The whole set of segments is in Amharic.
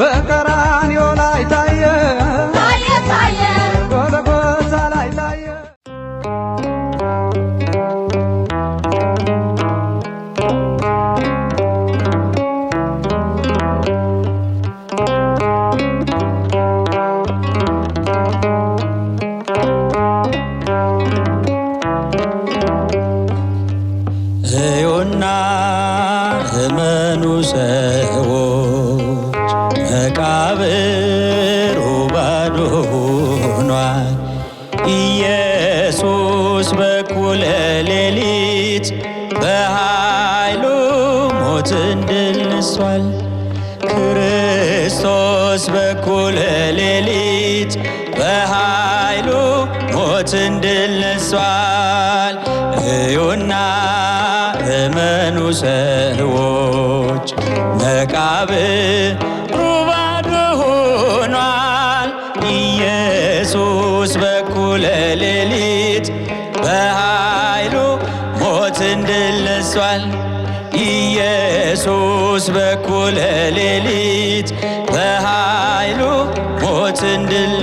በቀራ ሌሊት በኃይሉ ሞትን ድል ክርስቶስ በኩለ ሌሊት በኃይሉ ሞትን ድል እዩና እመኑ ሰዎች መቃብ ባዶ ሆኗል ኢየሱስ ተነሷል ኢየሱስ በኩለ ሌሊት በኃይሉ ሞትን ድል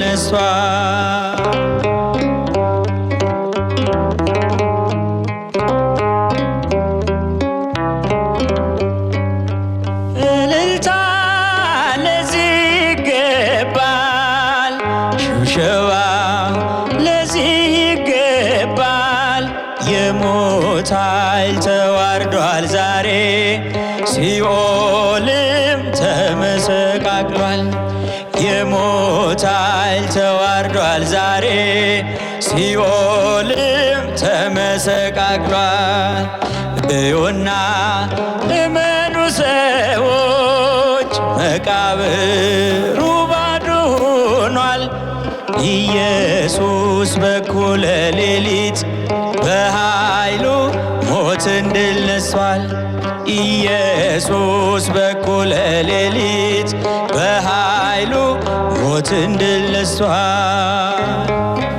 ተሰቃቅሏል። እዩና እመኑ ሰዎች መቃብሩ ባዶ ሆኗል። ኢየሱስ በኩለ ሌሊት በኃይሉ ሞትን ድል ነስቷል። ኢየሱስ በኩለ ሌሊት በኃይሉ ሞትን ድል ነስቷል።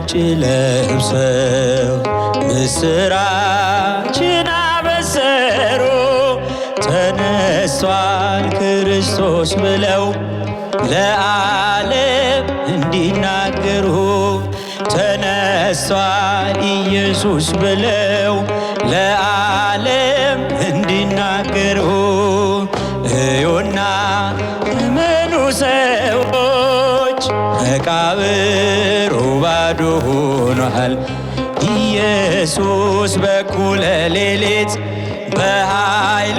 ነጭ ለብሰው ምስራችን አበሰሩ ተነሷል ክርስቶስ ብለው ለዓለም እንዲናገሩ ተነሷል ኢየሱስ ብለው ለዓለም በኢየሱስ በኩለ ሌሊት በኃይሉ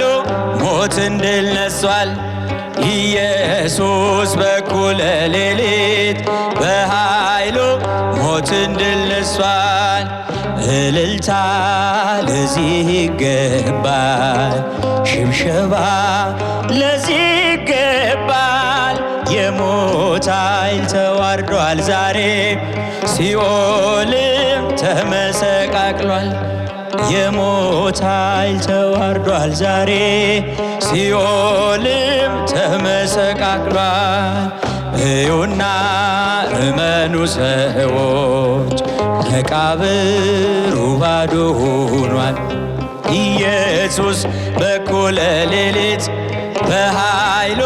ሞትን ድል ነሷል። ኢየሱስ በኩለ ሌሊት በኃይሉ ሞትን ድል ነሷል። እልልታ ለዚህ ይገባል፣ ሽብሸባ ለዚህ ይገባል የሞት ኃይል ተዋርዷል ዛሬ ሲኦልም ተመሰቃቅሏል የሞት ኃይል ተዋርዷል ዛሬ ሲኦልም ተመሰቃቅሏል እዩና እመኑ ሰዎች መቃብሩ ባዶ ሆኗል ኢየሱስ በኩለ ሌሊት በኃይሉ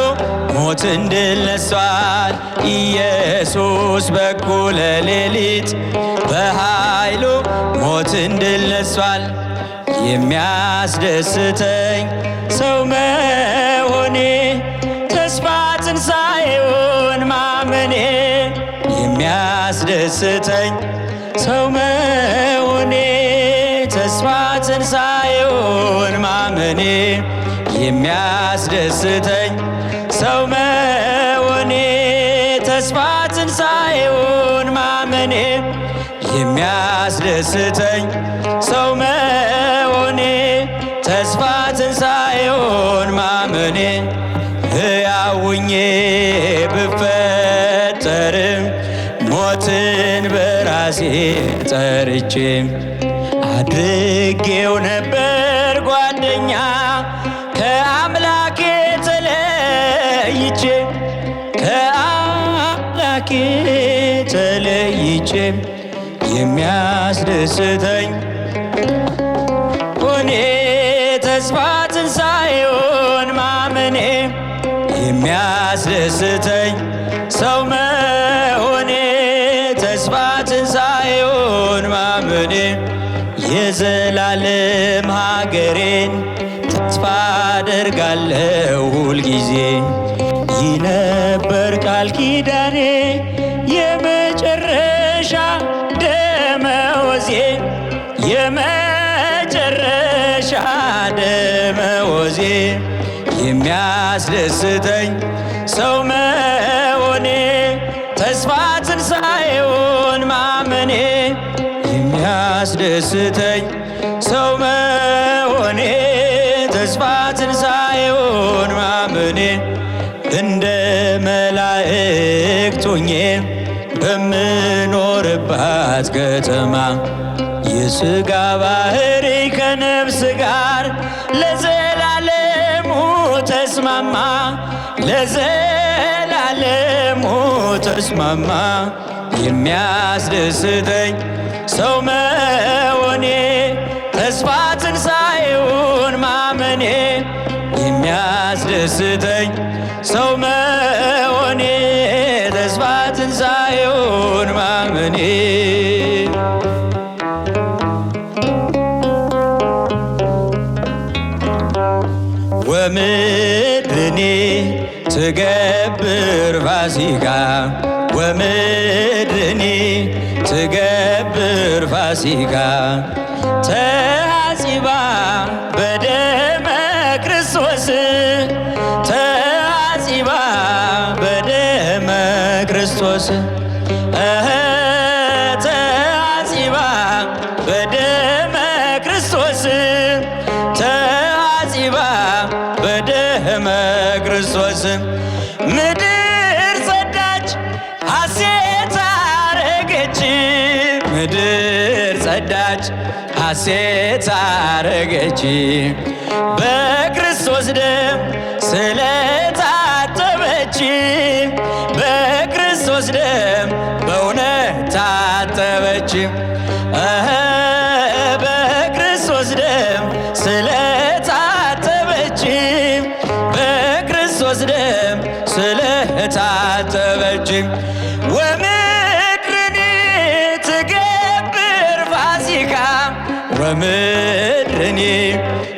ሞትን ድል ነሷል ኢየሱስ በኩለ ሌሊት በኃይሉ ሞትን ድል ነሷል የሚያስደስተኝ ሰው መሆኔ ተስፋ ትንሣኤውን ማመኔ የሚያስደስተኝ ሰው መሆኔ ተስፋ ትንሣኤውን ማመኔ የሚያስደስተኝ ሰው መሆኔ ተስፋ ትንሣኤውን ማመኔ የሚያስደስተኝ ሰው መሆኔ ተስፋ ትንሣኤውን ማመኔ ሕያውኜ ብፈጠርም ሞትን በራሴ ጠርቼ አድርጌው ነበር ጓደኛ የሚያስደስተኝ ሆኔ ተስፋ ትንሣኤውን ማመኔ የሚያስደስተኝ ሰው መሆኔ ተስፋ ትንሣኤውን ማመኔ የዘላለም ሀገሬን ተስፋ አደርጋለሁ ሁልጊዜ ይነበር ቃል ኪዳኔ የሚያስደስተኝ ሰው መሆኔ ተስፋ ትንሣኤውን ማመኔ የሚያስደስተኝ ሰው መሆኔ ተስፋ ትንሣኤውን ማመኔ እንደ መላእክት ሆኜ በምኖርባት ከተማ የሥጋ ባህሪ ከነፍስ ጋር ለዘ ተስማማ ለዘላለሙ ተስማማ የሚያስደስተኝ ሰው መሆኔ ተስፋ ትንሣኤውን ማመኔ የሚያስደስተኝ ሰው ወምድኒ ትገብር ፋሲካ ወምድኒ ትገብር ፋሲካ ተሐጺባ በደመ ክርስቶስ ተሐጺባ በደመ ክርስቶስ ምድር ጸዳች፣ ሐሴት አረገች በክርስቶስ ደም ስለ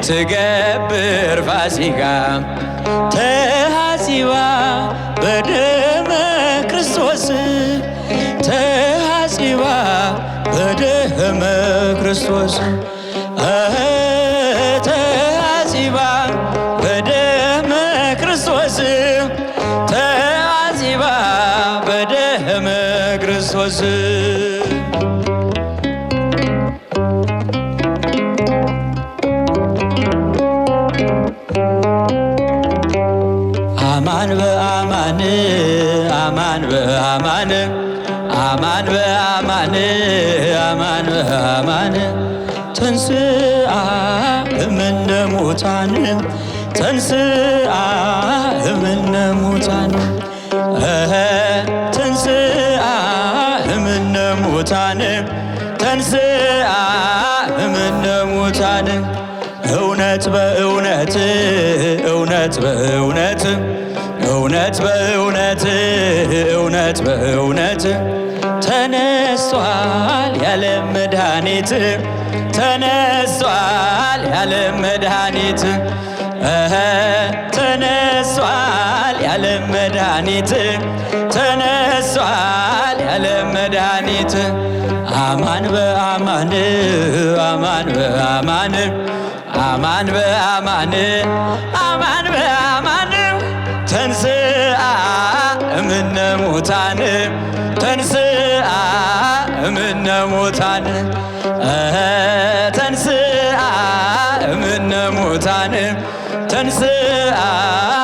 ትገብር ፋሲካ ተሐሲባ በደመ ክርስቶስ ተሐሲባ በደመ ክርስቶስ ተሐሲባ በደመ ክርስቶስ ተሐሲባ በደመ ክርስቶስ አማን አማን አማን ተንስአ እምነ ሙታን ተንስአ እምነ ሙታን ተንስአ እምነ ሙታን ተንስአ እምነ ሙታን እውነት በእውነት እውነት በእውነት እውነት በእውነት እውነት በእውነት ተነሷል ያለ መድኃኒት ተነሷል ያለ መድኃኒት ተነሷል ያለ መድኃኒት ተነሷል ያለ መድኃኒት አማን በአማን አማን በአማን አማን በአማን አማን በአማን ተንስአ እምነ ሙታን ተንስ እምነሙታን ተንስአ እምነሙታን ተንስአ